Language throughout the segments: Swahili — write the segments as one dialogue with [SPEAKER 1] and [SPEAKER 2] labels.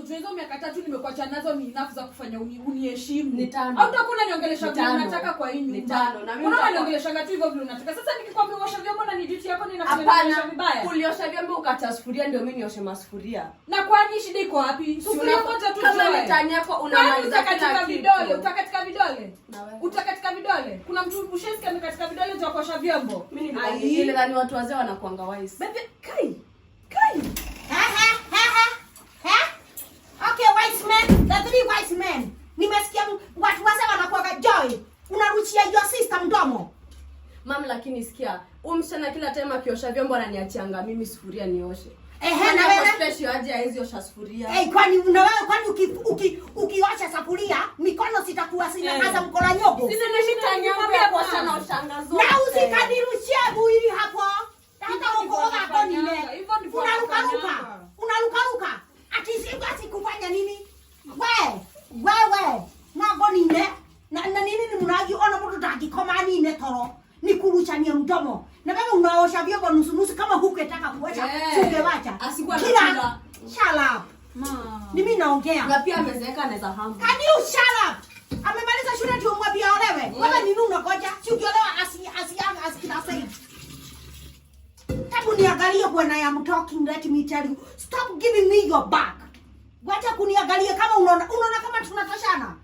[SPEAKER 1] unajua hizo miaka tatu nimekuacha nazo ni enough za kufanya uniheshimu. Ni tano. Au utakuwa niongelesha vile unataka kwa hii nyumba. Ni
[SPEAKER 2] tano. Na mimi
[SPEAKER 1] unaniongelesha tu hivyo vile unataka. Sasa nikikwambia uosha vyombo na ni duty yako ni
[SPEAKER 2] nakuongelesha vibaya. Uliosha vyombo ukata sufuria ndio mimi nioshe masufuria.
[SPEAKER 1] Na kwa nini shida iko wapi? Sufuria moja tu
[SPEAKER 2] kama ndani yako unamaliza
[SPEAKER 1] katika vidole, utakatika vidole. Utakatika vidole. Kuna mtu ushesikia katika vidole za kuosha vyombo.
[SPEAKER 2] Mimi ni
[SPEAKER 3] ile ndani watu wazee wanakuanga wise.
[SPEAKER 1] Baby, kai. three white men. Nimesikia watu wazee wanakuaga joy, unaruchia your sister mdomo.
[SPEAKER 2] Mam, lakini sikia, umshana kila time akiosha vyombo ananiachianga mimi sufuria nioshe. Ehe, na wewe special aje haizi osha sufuria.
[SPEAKER 1] Eh, hey, kwani una wewe kwani ukiosha uki, uki sufuria mikono sitakuwa sina hey. Eh. Kaza mkola nyogo.
[SPEAKER 2] Sina nishita
[SPEAKER 3] ya kwa sana ushangazo.
[SPEAKER 1] tell you, stop giving me your back. Wacha kuniangalia kama unaona unaona kama tunatoshana.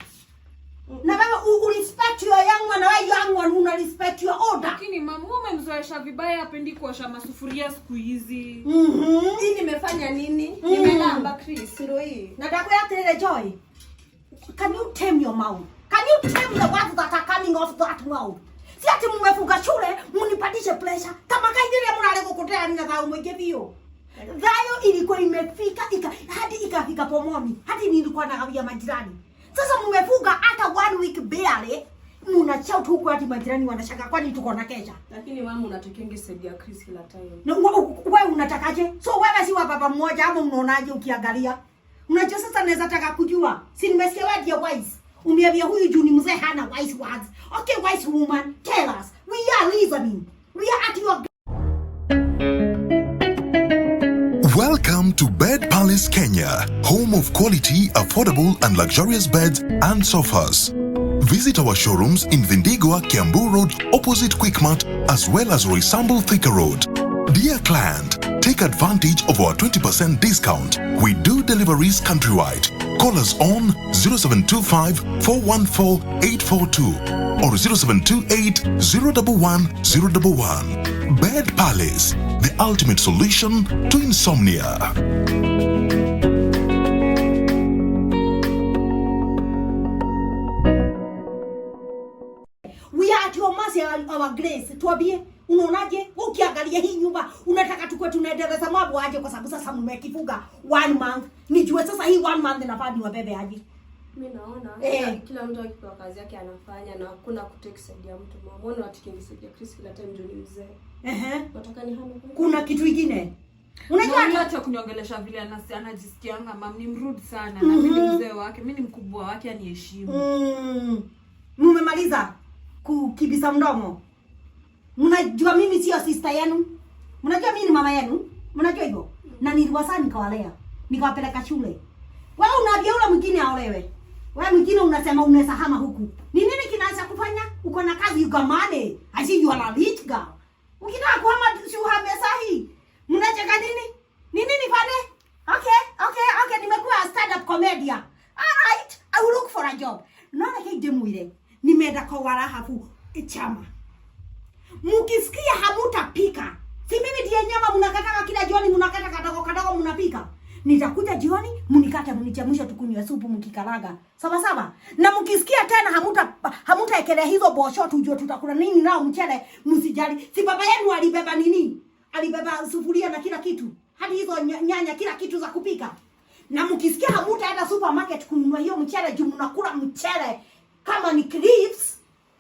[SPEAKER 1] Na baba u, u respect your young one, why young one una respect your older.
[SPEAKER 2] Lakini mama umemzoesha vibaya apendi kuosha masufuria siku hizi.
[SPEAKER 1] Mhm. Mm
[SPEAKER 2] hii nimefanya nini? Mm -hmm. Nimelamba Chris
[SPEAKER 1] ndio hii. Na dako ya tele joy. Can you tame your mouth? Can you tame the words that are coming off that mouth? Si ati mmefunga shule, mnipatishe pressure. Kama kaidire mnale kutea nina dhau mwekevio. Dhayo ilikuwa imefika ika, hadi ikafika pomoni, hadi nilikuwa nagawia majirani. Sasa mmefuga hata one week barely, muna shout huku hadi majirani wanashanga, kwani tuko na kesha.
[SPEAKER 2] Lakini wewe unatukingi saidi ya Chris kila time.
[SPEAKER 1] Na wewe unatakaje? So wewe si wa baba mmoja ama mnaonaje ukiangalia? Unajua sasa naweza taka kujua. Si nimesikia word ya wise. Umeambia huyu juu ni mzee hana wise words. Okay, wise woman, tell us. We are listening. We are at your
[SPEAKER 4] Welcome to Bed Palace Kenya, home of quality, affordable, and luxurious beds and sofas. Visit our showrooms in Vindigua, Kiambu Road, opposite Quickmart, as well as Resamble Thika Road. Dear client, take advantage of our 20% discount. We do deliveries countrywide. Call us on 0725 414 842 or 0728 011 011. Bed Palace the ultimate solution to insomnia.
[SPEAKER 1] We are at your mercy, our grace. Tuambie, unaonaje? Ukiangalia hii nyumba unataka tukue tunaendeleza mambo aje? Kwa sababu sasa mmekifuga one month, nijue sasa hii one month inafaa niwabebe aje?
[SPEAKER 2] Mimi naona eh, Kila mtu akipewa kazi yake anafanya na hakuna kusaidia mtu. Maona watu kingi saidia Chris kila time ndio ni mzee. Eh eh. Nataka ni hamu.
[SPEAKER 1] Kuna kitu kingine. Unajua
[SPEAKER 2] hata kuniongelesha vile anasikia anajisikianga mam ni mrude sana mm -hmm. Na mimi mm-hmm. mzee wake, mimi ni mkubwa wake aniheshimu.
[SPEAKER 1] Mm. Mmemaliza kukibisa mdomo. Mnajua mimi sio sister yenu. Mnajua mimi ni mama yenu. Mnajua hivyo. Mm. Na niliwasaa nikawalea. Nikawapeleka shule. Wewe unaambia yule mwingine aolewe. Wewe mwingine unasema unaweza hama huku. Ni nini kinaacha kufanya? Uko na kazi you got money. I see you are a rich girl. Ukitaka kuhama si uhame sahi. Mnacheka nini? Ni nini pale? Okay, okay, okay, nimekuwa stand up comedian. All right, I will look for a job. hii kei ile. Nimeenda kwa wala hapo eh, chama. cha mwisho tukunywe supu mkikaraga sawa sawa, na mkisikia tena hamuta hamuta hamutaekelea hizo bosho, tujue tutakula nini nao mchele. Msijali, si baba yenu alibeba nini? Alibeba sufuria na kila kitu, hadi hizo nyanya, kila kitu za kupika. Na mkisikia hamuta enda supermarket kununua hiyo mchele juu mnakula mchele kama ni crisps,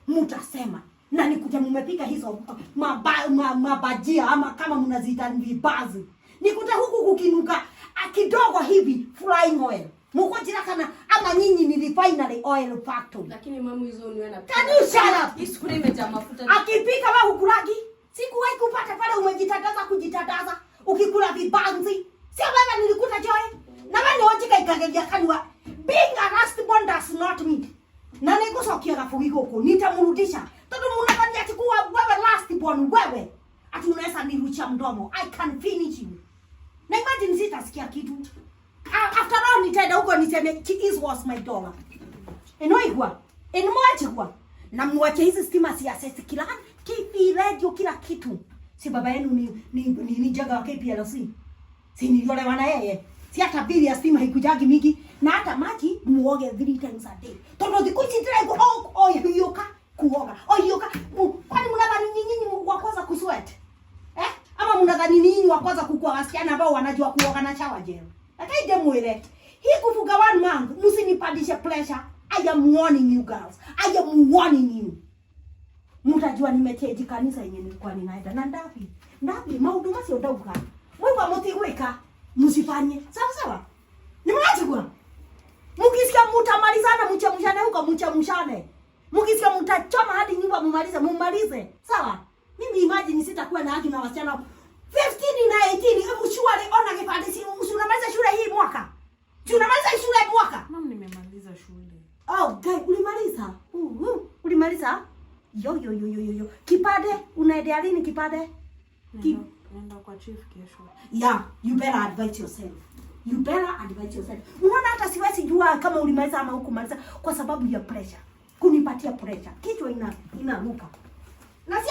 [SPEAKER 1] mtasema na nikuja mmepika hizo mabajia ma, ma, ama kama mnaziita vibazi, nikuta huku kukinuka akidogo hivi flying oil muko jira kana ama nyinyi ni refinery oil factory.
[SPEAKER 2] Lakini mamu hizo uniona. wana
[SPEAKER 1] can you shut up?
[SPEAKER 2] Hii sukari imejaa mafuta.
[SPEAKER 1] Akipika wewe hukulagi? Sikuwahi kupata pale, umejitataza kujitataza ukikula vibanzi. Sio baba, nilikuta joy na bali ndio jika ikagegia kanwa being a rust bond does not mean na niko sokia kafugi huko. nitamrudisha toto mnafanya chikuwa wewe rust born wewe ati unaweza nirucha mdomo. I can finish you. Na imagine sitasikia kitu. After all nitaenda huko niseme is worth my dollar. Enoigwa. Enmoachigwa. Na mwache hizi stima si assess kila kipi radio kila kitu. Si baba yenu ni ni, ni, ni jaga wa KPLC. Si niliolewa na yeye. Si hata bili ya stima haikujagi mingi na hata maji muoge three times a day. Tondo dikuti tira iko oh oh yuka kuoga. Oh yoka. Kwani mnadhani nyinyi mwakosa kusweat? kama mnadhani ninyi wa kwanza kukua wasichana ambao wanajua kuoga na chawa jeo. Lakini je mwele. Hii kufuga one month msinipandishe pressure. I am warning you girls. I am warning you. Mtajua nimecheji kanisa yenye nilikuwa ninaenda na ndapi. Ndapi maudu masio ndauka. wa moti weka. Msifanye. Sawa sawa. Nimeachikwa. Mkisikia mtamalizana mchemshane huko mchemshane. Mkisikia mtachoma hadi nyumba mumalize mumalize. Sawa? Mimi imagine sitakuwa na haki na wasichana 18 na 18 hebu shua ona kipande si unamaliza shule hii mwaka. Si unamaliza shule hii mwaka?
[SPEAKER 2] Mama nimemaliza shule.
[SPEAKER 1] Oh, gai ulimaliza? Uh, uh, ulimaliza? Yo yo yo yo yo. Kipande unaendea lini kipande?
[SPEAKER 2] Ki Nenda kwa chief kesho.
[SPEAKER 1] Yeah, you better advise yourself. You better advise yourself. Unaona hata siwezi jua kama ulimaliza ama hukumaliza kwa sababu ya pressure. Kunipatia pressure. Kichwa ina inaruka. Na si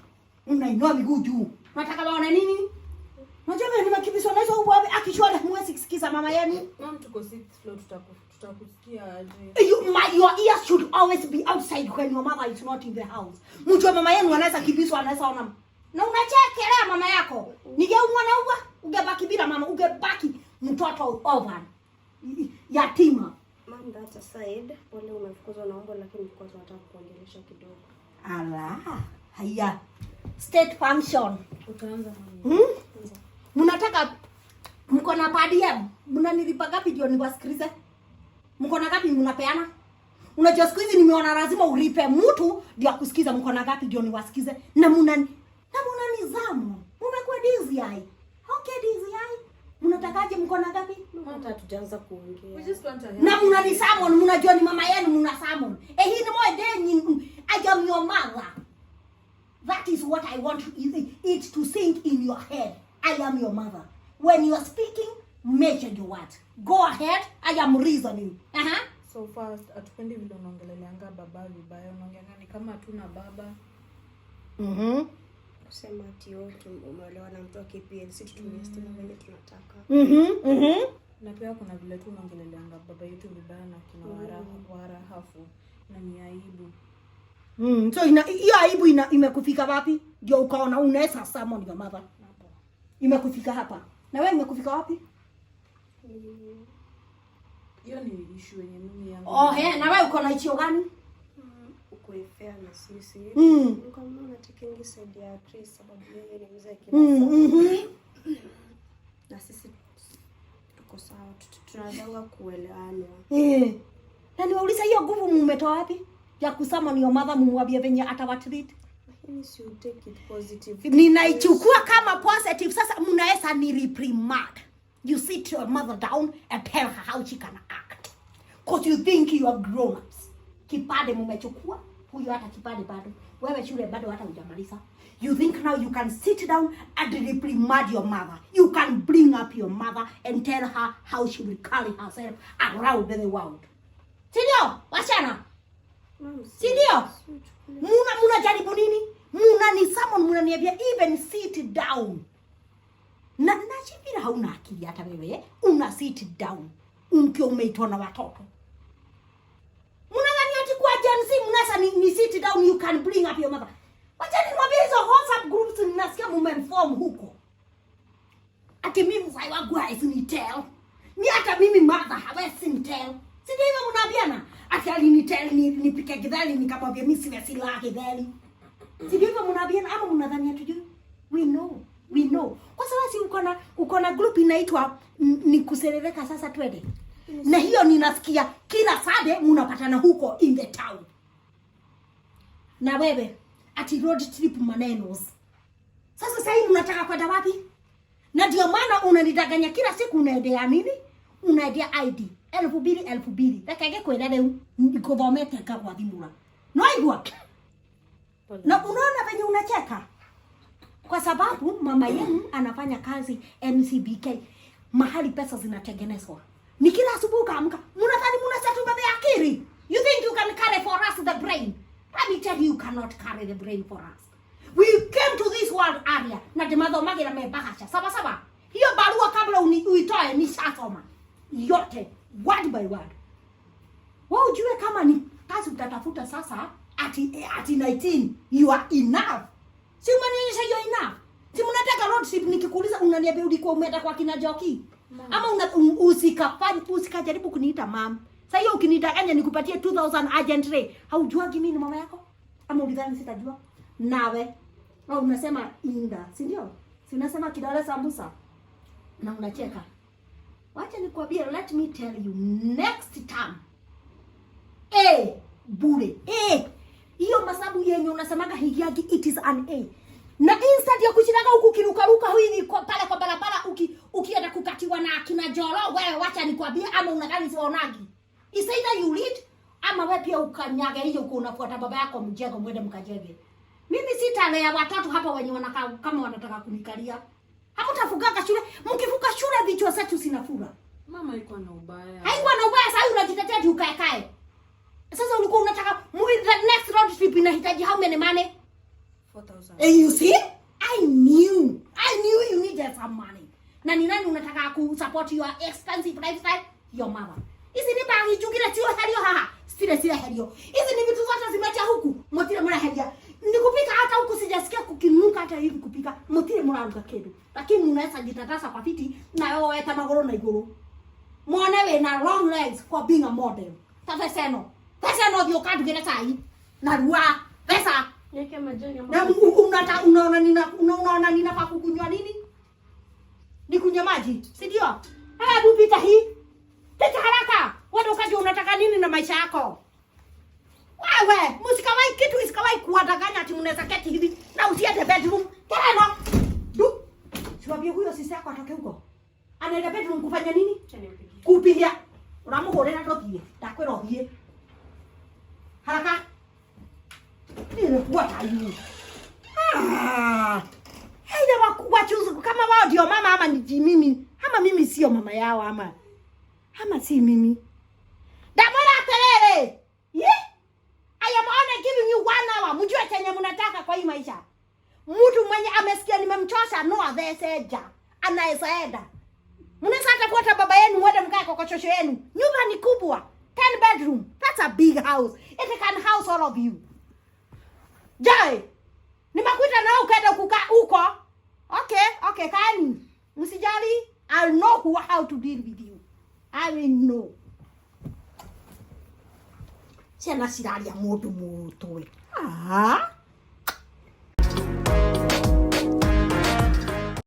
[SPEAKER 1] unainua miguu juu, nataka waone nini? Unajua mimi nimekimbizwa na hizo ubwa akishwa na mwezi sikiza mama yenu.
[SPEAKER 2] Mama tuko sixth floor, tutakusikia aje?
[SPEAKER 1] You my your ears should always be outside when your mama is not in the house. Mjua mama yenu anaweza kibiso anaweza ona. Na unachekelea mama yako. Ningeumwa na ubwa, ungebaki bila mama, ungebaki mtoto over. Yatima.
[SPEAKER 2] Mama that's aside. Wale umefukuzwa na umbo lakini mkwazo nataka kuongelesha kidogo.
[SPEAKER 1] Ala, haya state function. Hmm? Munataka mko na padia, mnanilipa gapi ndio niwasikilize? Mko na gapi mnapeana? Unajua siku hizi nimeona lazima uripe mtu ndio akusikiza. Mko na gapi ndio niwasikize? Na muna na muna nizamu. Mmekuwa dizi hai. Okay, dizi hai. Mnatakaje mko na gapi?
[SPEAKER 2] Hata hatujaanza kuongea.
[SPEAKER 1] Na muna nizamu, salmon, mnajua ni mama yenu mna samu. Eh, hii ni moja yenye ajamnyomanga. That is what I want it to sink in your head. I am your mother. When you are speaking, make your words. Go ahead, I am reasoning. Uh-huh.
[SPEAKER 2] So fast, atupendi vile unaongeleleanga baba vibaya, unaongelea ni kama hatuna baba. Mhm. Kusema ati umeolewa na mtu wa KPL, si tutumie mm. stima vile tunataka.
[SPEAKER 1] Mhm. Mhm.
[SPEAKER 2] Na pia kuna vile tu unaongeleleanga baba yetu vibaya na kina wara, mm-hmm. wara hafu na ni aibu.
[SPEAKER 1] Mm, so ina hiyo aibu ina, imekufika wapi? Ndio ukaona unaweza summon your mother. Imekufika hapa. Na wewe imekufika wapi?
[SPEAKER 2] Hiyo ni issue yenye mimi yangu.
[SPEAKER 1] Oh, eh, na wewe uko na hicho gani?
[SPEAKER 2] Mm, uko fair na sisi. Mm. Kwa maana nataka ingi side ya Chris sababu yeye ni mzee kidogo.
[SPEAKER 1] Mm, mhm.
[SPEAKER 2] Na sisi tuko sawa. Tunataka kuelewana.
[SPEAKER 1] Eh. Na niwauliza hiyo nguvu mmetoa wapi? ya kusama ni your mother, mumwambie venye atawatreat. Ninaichukua kama positive. Sasa mnaweza ni reprimand. You sit your mother down and tell her how she can act. Cause you think you are grown ups. Kipade mumechukua, huyo hata kipade bado. Wewe shule bado hata ujamalisa. You think now you can sit down and reprimand your mother. You can bring up your mother and tell her how she will carry herself around the world. Sindio? Wasichana? si ndio? Muna muna munajaribu nini? Muna ni someone muna niambia even sit down na na nachivira, hauna akili hata wewe, una sit down unkio umeitwa na watoto munadhani ati kwa Gen Z mnasa ni, ni sit down you can bring up your mother. Wacha niwaambie hizo WhatsApp groups ninasikia mumemform huko, ati mimi mzai wangu haezi ni tell ni hata mimi mother hawezi ni tell basi alinipika kidhali, nikamwambia mimi sina silaha kidhali. Sijui hivyo mnaambia ama mnadhani hatujui. We know, we know. Kwa sababu si uko na uko na group inaitwa Nikuserereka Sasa Twende. Na hiyo ninasikia kila sade mnapatana huko in the town. Na wewe ati road trip manenos. Sasa sasa hivi unataka kwenda wapi? Na ndio maana unanidanganya kila siku unaendea nini? Unaendea ID elfu mbiri elfu mbiri rekege kwira riu ngikuthomete nkagwa thimura noigua na unaona venye unacheka kwa sababu mama yenu anafanya kazi NCBK mahali pesa zinatengenezwa ni kila asubuhi ukaamka mnadhani mnasatu bebe akili you think you can carry for us the brain let me tell you cannot carry the brain for us we came to this world area na ndimathomagira mebahasha sawa hiyo barua kabla uitoe nishasoma yote word by word. Wewe ujue kama ni kazi utatafuta sasa at, at 19 you are enough. Si umenionyesha you are enough. Si mnataka lordship nikikuuliza unaniambia ulikuwa umeenda kwa kina Joki? Ama una, um, usikafanye usikajaribu kuniita mam. Sasa hiyo ukiniita ukinidanganya nikupatie 2000 agent rate. Haujua kimi ni mama yako? Ama ulidhani sitajua? Nawe au unasema inda, si ndio? Si unasema kidole sambusa na unacheka. Wacha nikwambie, let me tell you next time a bure a hiyo masabu yenye unasemaga higiagi, it is an a na instant ya kuchiraga huku hui ni kwa pale kwa barabara, uki ukienda kukatiwa na kina joro wewe, wacha nikwambie, ama unagani sionagi is either you lead ama wewe pia ukanyaga hiyo, uko unafuata baba yako mjengo, mwende mkajenge. Mimi sitalea watatu hapa wenye wanakaa kama wanataka kunikalia. Hamtafukaka shule. Mkifuka shule vichwa zetu zinafura.
[SPEAKER 2] Mama iko na ubaya.
[SPEAKER 1] Haikuwa na ubaya, sasa unajitetea tu ukae kae. Sasa ulikuwa unataka the next road trip inahitaji how many money? 4000. And eh, you see? I knew. I knew you needed some money. Na ni nani unataka ku support your expensive lifestyle? Your mama. Hizi ni bangi jungire tio helio haha. Sile sile helio. Hizi ni vitu zote zimecha huku. Motira mwana helia. Nikupika hata huku sijasikia kukinuka hata hivi kupika. Mutire muraruga kedu. Lakini unaweza jitatasa kwa fiti na wewe weta magoro na igoro. Mwana we na long legs kwa being a model. Tafe seno. Pesa no vio kadu gele sai. Na ruwa. Pesa.
[SPEAKER 2] Neke majani ya
[SPEAKER 1] Na unata unaona nina unaona nina pa kukunywa nini? Nikunywa maji. Si ndio? Hebu pita hii. Pita haraka. Wewe unataka nini na maisha yako? Wewe msikawahi kitu isikawahi kuwadanganya ati mnaweza keti hivi na usiende bedroom. Tena du. Siwambie huyo sisi yako atoke huko. Anaenda bedroom kufanya nini? Kupiga. Unamuhorera ndothie. Ndakwira uthie. Haraka. Nile what are you? Ah. Haya wakuwachuzu kama wao ndio mama ama ni mimi. Ama mimi sio mama yao ama. Ama si mimi. mwenye amesikia nimemchosha no avese ja anaweza enda. Mnaweza hata kuota baba yenu mwende mkae kwa kochosho yenu. Nyumba ni kubwa. 10 bedroom. That's a big house. It can house all of you. Jai. Nimekuita na wewe ukaenda kukaa huko. Okay, okay, kani. Msijali. I know who, how to deal with you. I will know. Sina siralia modu mutwe. Ah.